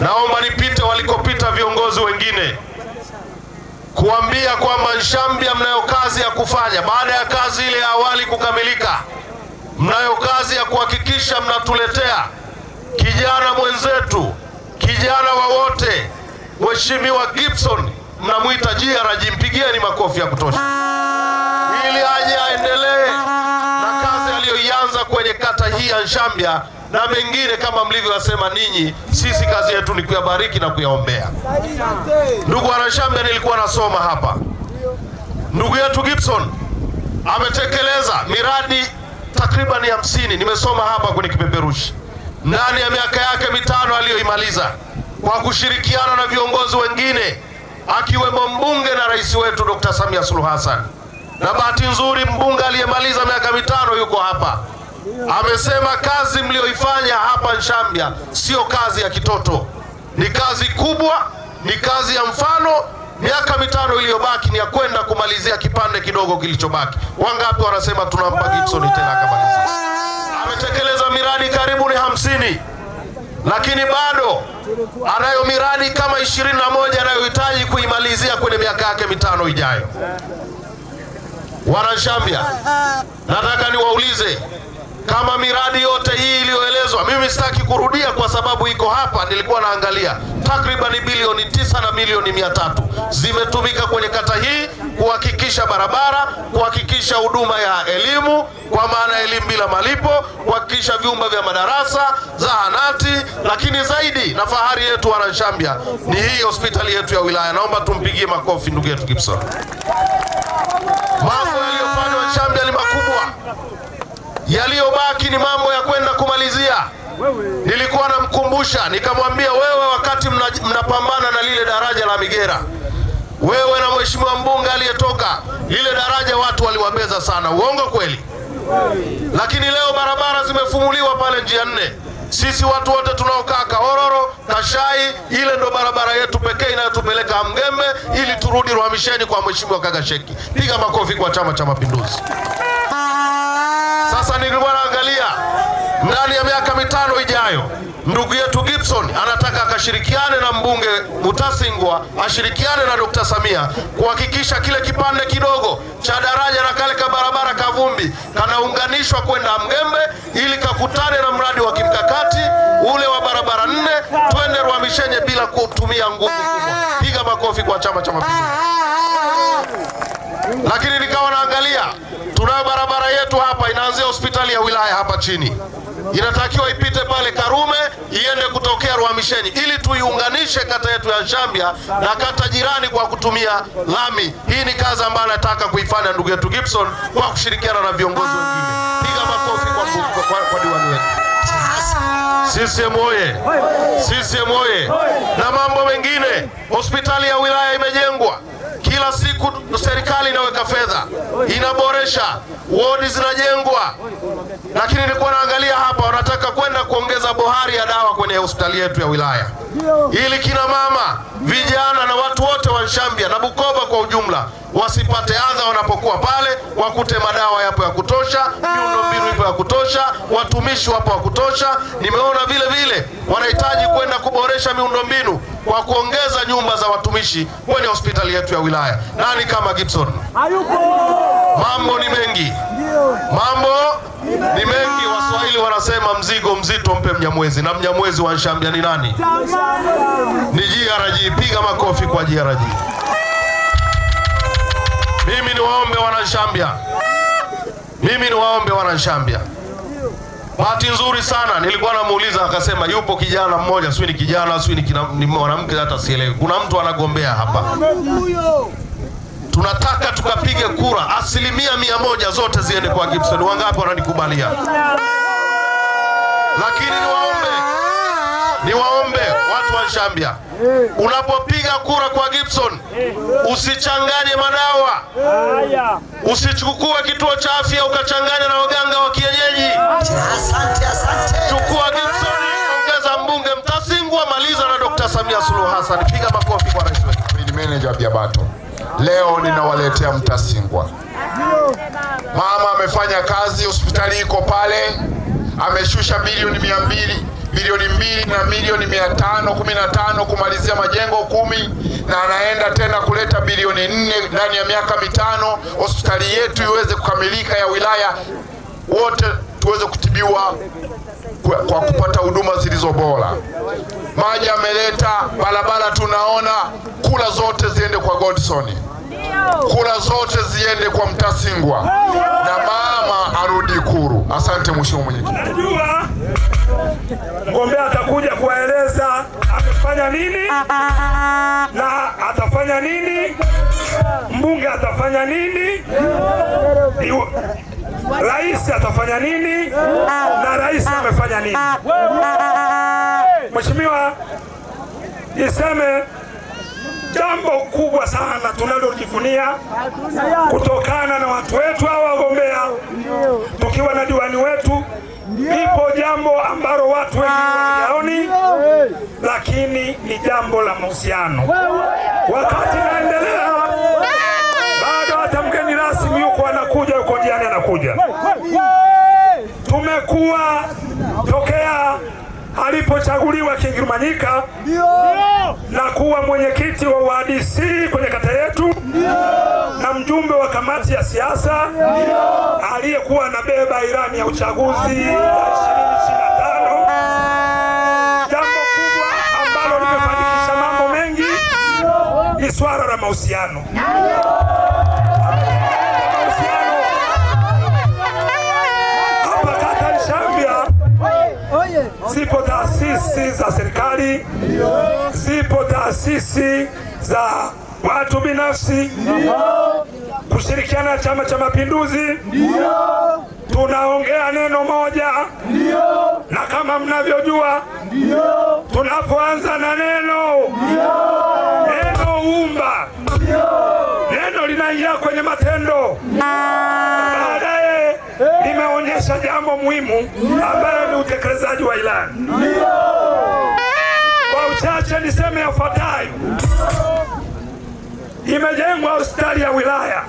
Naomba nipite walikopita viongozi wengine kuambia kwamba Nshambya mnayo kazi ya kufanya baada ya kazi ile ya awali kukamilika. Mnayo kazi ya kuhakikisha mnatuletea kijana mwenzetu, kijana wawote, Mheshimiwa Gibson mnamwita JRG, mpigieni makofi ya kutosha ili aje hii ya Nshambya na mengine kama mlivyosema ninyi. Sisi kazi yetu ni kuyabariki na kuyaombea. Ndugu Wanashambya, nilikuwa nasoma hapa, ndugu yetu Gibson ametekeleza miradi takribani hamsini, nimesoma hapa kwenye kipeperushi, ndani ya miaka yake mitano aliyoimaliza kwa kushirikiana na viongozi wengine akiwemo mbunge na rais wetu Dr. Samia Suluhu Hassan. Na bahati nzuri mbunge aliyemaliza miaka mitano yuko hapa, Amesema kazi mliyoifanya hapa Nshambya sio kazi ya kitoto, ni kazi kubwa, ni kazi ya mfano. Miaka mitano iliyobaki ni ya kwenda kumalizia kipande kidogo kilichobaki. Wangapi wanasema tunampa Gibson tena akamalizia? Ametekeleza miradi karibu ni hamsini, lakini bado anayo miradi kama ishirini na moja anayohitaji kuimalizia kwenye miaka yake mitano ijayo. Wananshambya, nataka niwaulize kama miradi yote hii iliyoelezwa, mimi sitaki kurudia kwa sababu iko hapa. Nilikuwa naangalia takriban bilioni tisa na milioni mia tatu zimetumika kwenye kata hii kuhakikisha barabara, kuhakikisha huduma ya elimu kwa maana elimu bila malipo, kuhakikisha vyumba vya madarasa, zahanati, lakini zaidi na fahari yetu Wananshambya ni hii hospitali yetu ya wilaya. Naomba tumpigie makofi ndugu yetu Gibson. Mambo yaliyofanywa ni makubwa yaliyo ni mambo ya kwenda kumalizia. Nilikuwa namkumbusha nikamwambia, wewe wakati mnapambana mna na lile daraja la Migera, wewe na mheshimiwa mbunge aliyetoka, lile daraja watu waliwabeza sana, uongo kweli? Lakini leo barabara zimefumuliwa pale njia nne. Sisi watu wote tunaokaa Kaororo kashai ile ndo barabara yetu pekee inayotupeleka Mgembe ili turudi Rwamisheni kwa mheshimiwa Kagasheki. Piga makofi kwa Chama cha Mapinduzi. Sasa nilikuwa Ukiangalia ndani ya miaka mitano ijayo, ndugu yetu Gibson anataka akashirikiane na mbunge Mutasingwa, ashirikiane na Dr. Samia kuhakikisha kile kipande kidogo cha daraja na kale ka barabara kavumbi kanaunganishwa kwenda Mgembe ili kakutane na mradi wa kimkakati ule wa barabara nne, twende Rwamishenye bila kutumia nguvu kubwa. Piga makofi kwa Chama cha Mapinduzi. Lakini nikawa naangalia barabara yetu hapa inaanzia hospitali ya wilaya hapa chini, inatakiwa ipite pale Karume iende kutokea ruhamisheni ili tuiunganishe kata yetu ya Nshambya na kata jirani kwa kutumia lami. Hii ni kazi ambayo anataka kuifanya ndugu yetu Gibson kwa kushirikiana na viongozi wengine. Piga makofi kwa, kwa, kwa diwani wetu. CCM oye! CCM oye! Na mambo mengine, hospitali ya wilaya imejengwa kila siku serikali inaweka fedha, inaboresha wodi zinajengwa, lakini nilikuwa naangalia hapa bohari ya dawa kwenye hospitali yetu ya wilaya, ili kina mama, vijana na watu wote wa Nshambya na Bukoba kwa ujumla wasipate adha wanapokuwa pale, wakute madawa yapo ya kutosha, miundombinu ipo ya kutosha, watumishi wapo wa kutosha. Nimeona vile vile wanahitaji kwenda kuboresha miundombinu kwa kuongeza nyumba za watumishi kwenye hospitali yetu ya wilaya. Nani kama Gibson? Mambo ni mengi, mambo ni mengi. Waswahili wanasema mzigo mzito mpe Mnyamwezi, na Mnyamwezi wa Nshambya ni nani? Ni JRG. Piga makofi kwa JRG. Mimi ni waombe Wananshambya, mimi ni waombe Wananshambya. Bahati nzuri sana nilikuwa namuuliza, akasema yupo kijana mmoja, sio ni kijana, sio ni mwanamke, hata sielewi. Kuna mtu anagombea hapa, tunataka tukapige kura asilimia mia moja zote ziende kwa Gibson. Wangapi wananikubalia? Lakini niwaombe, niwaombe watu wa Nshambya, unapopiga kura kwa Gibson usichanganye madawa, usichukue kituo cha afya ukachanganya na waganga wa kienyeji. Chukua Gibson, ongeza mbunge Mtasingwa, maliza na Dr. Samia Suluhu Hassan. Piga makofi kwa rais wetu. Meneja Biabato, leo ninawaletea Mtasingwa. Mama amefanya kazi, hospitali iko pale ameshusha bilioni mia mbili bilioni mbili na milioni mia tano kumi na tano kumalizia majengo kumi na anaenda tena kuleta bilioni nne ndani ya miaka mitano hospitali yetu iweze kukamilika ya wilaya wote tuweze kutibiwa kwa, kwa kupata huduma zilizo bora. Maji ameleta barabara, tunaona kula zote ziende kwa Godson kura zote ziende kwa Mtasingwa na mama arudi Kuru. Asante mheshimiwa mwenyekiti. mgombea atakuja kuwaeleza amefanya nini na atafanya nini, mbunge atafanya nini, rais atafanya nini na rais amefanya nini. Mheshimiwa, niseme jambo kubwa sana tunalojivunia kutokana na watu wetu hawa wagombea, tukiwa na diwani wetu. ipo jambo ambalo watu wengi hawaoni, lakini ni jambo la mahusiano. Wakati naendelea bado, hata mgeni rasmi yuko anakuja, yuko jiani anakuja, tumekuwa alipochaguliwa Kingirumanyika na kuwa mwenyekiti wa uadc kwenye kata yetu na mjumbe wa kamati ya siasa aliyekuwa anabeba irani ya uchaguzi wa 2025, jambo kubwa ambalo limefanikisha mambo mengi ni swala la mahusiano. zipo taasisi za serikali, zipo taasisi za watu binafsi, kushirikiana na Chama cha Mapinduzi, tunaongea neno moja Ndiyo. na kama mnavyojua tunapoanza na neno Ndiyo. neno umba Ndiyo. neno linaingia kwenye matendo baadaye, limeonyesha jambo muhimu ambayo ni utekelezaji Maryland. Kwa uchache niseme yafuatayo: imejengwa hospitali ya wilaya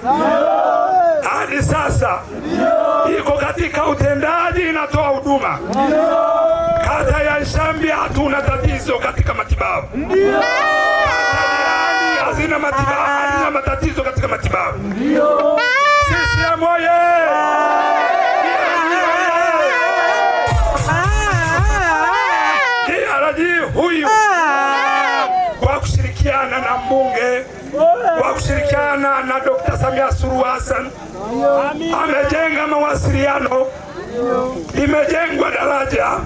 hadi sasa iko katika utendaji, inatoa huduma. Kata ya Nshambya hatuna tatizo katika matibabu. Hazina matibabu, hazina matatizo katika matibabu. Sisi moye Samia Suluhu Hassan amejenga mawasiliano, limejengwa daraja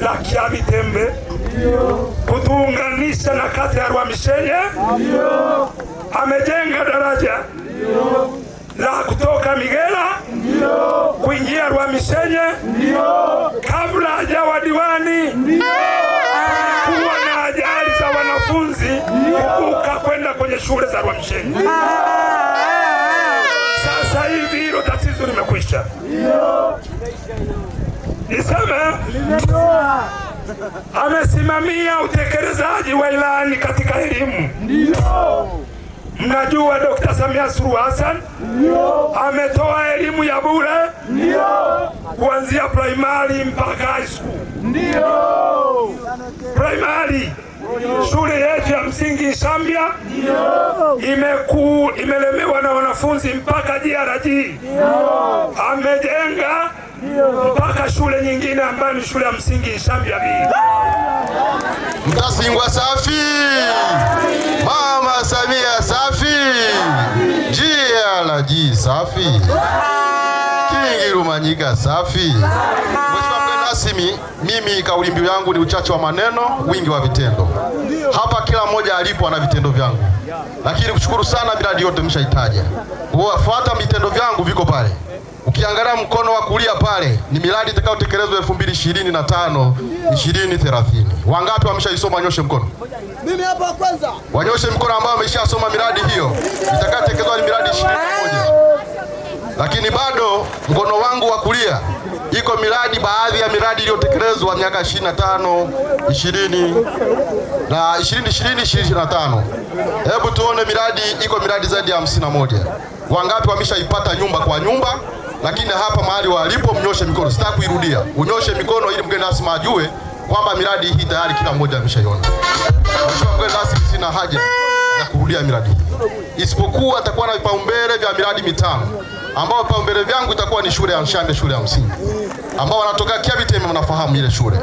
la Kiabitembe kutuunganisha na kata ya Rwamishenye, amejenga daraja la kutoka Migera kuingia Rwamishenye. Kabla hajawa diwani kuwa na ajali za wanafunzi kuvuka kwenda kwenye shule za Rwamishenye. limeisha. Niseme amesimamia utekelezaji wa ilani katika elimu. Mnajua Dr. Samia Suluhu Hassan ametoa elimu ya bure kuanzia primary mpaka high school. Primary Shule yetu ya msingi Shambya imeku imelemewa na wanafunzi mpaka JRG amejenga mpaka shule nyingine ambayo ni shule ya msingi shambia bi Mtasingwa safi, Mama Samia safi, JRG safi, Kingi Rumanyika safi rasmi, mimi kauli mbiu yangu ni uchache wa maneno, wingi wa vitendo. Hapa kila mmoja alipo ana vitendo vyangu, lakini kushukuru sana, miradi yote mshaitaja. Wafuata vitendo vyangu viko pale Ukiangalia mkono wa kulia pale ni miradi itakayotekelezwa 2025 2030. Wangapi wameshaisoma? Nyoshe mkono. Mimi hapa wa kwanza. Wanyoshe mkono ambao wameshasoma miradi hiyo itakayotekelezwa, ni miradi 21, lakini bado mkono wangu wa kulia iko miradi, baadhi ya miradi iliyotekelezwa miaka 25 20 na 2020 25. Hebu tuone miradi, iko miradi zaidi ya moja. Wangapi wameshaipata nyumba kwa nyumba? Lakini hapa mahali walipo, mnyoshe mikono, sitaki kuirudia. Unyoshe mikono ili mgeni rasmi ajue kwamba miradi hii tayari kila mmoja ameshaiona. Mheshimiwa mgeni rasmi, sina haja ya kurudia miradi hii, isipokuwa atakuwa na vipaumbele vya miradi mitano ambao paumbele vyangu itakuwa ni shule ya Nshambe, shule ya msingi ambao wanatoka Kiabitem, mnafahamu ile shule,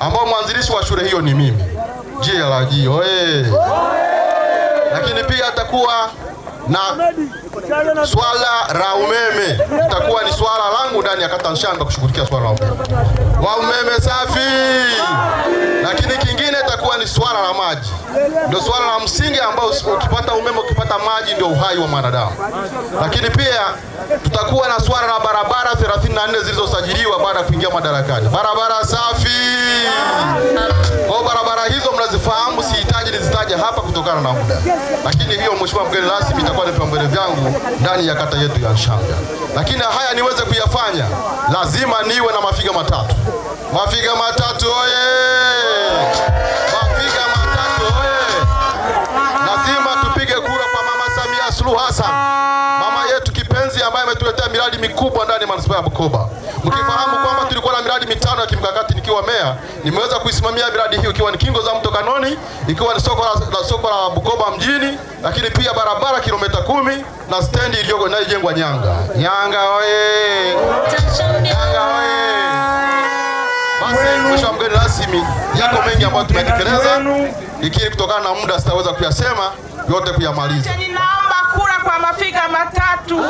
ambao mwanzilishi wa shule hiyo ni mimi JLG, hey. Lakini pia atakuwa na swala la umeme, itakuwa ni swala langu ndani ya kata Nshambe kushughulikia swala la umeme wa umeme safi, lakini kingine itakuwa ni swala la maji ndio swala la msingi ambao ukipata umeme, ukipata maji, ndio uhai wa mwanadamu. Lakini pia tutakuwa na swala la barabara 34 zilizosajiliwa baada ya kuingia madarakani, barabara safi. Kwa barabara hizo mnazifahamu, sihitaji nizitaje hapa kutokana na muda, lakini hiyo, Mheshimiwa mgeni rasmi, itakuwa ni vipaumbele vyangu ndani ya kata yetu ya shanga Lakini haya niweze kuyafanya, lazima niwe na mafiga matatu, mafiga matatu oye ya Bukoba. Mkifahamu ah. kwamba tulikuwa na miradi mitano ya kimkakati nikiwa meya, nimeweza kuisimamia miradi hiyo ikiwa ni kingo za mto Kanoni, ikiwa ni soko la, la soko la Bukoba mjini, lakini pia barabara kilomita kumi na stendi iliyoko inayojengwa Nyanga. Nyanga oye! Nyanga oye! Mheshimiwa mgeni rasmi, yako mengi ambayo tumetekeleza, ikiri kutokana na muda sitaweza kuyasema yote kuyamaliza. Nininaomba kura kwa mafiga matatu.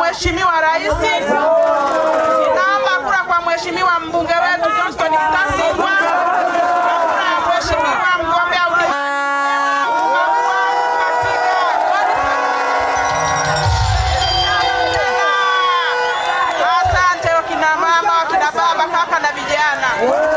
Mheshimiwa Rais. Ninaomba kura kwa Mheshimiwa mbunge wetu Johnston Mtasingwa. Asante kina mama, kina baba, kaka na vijana.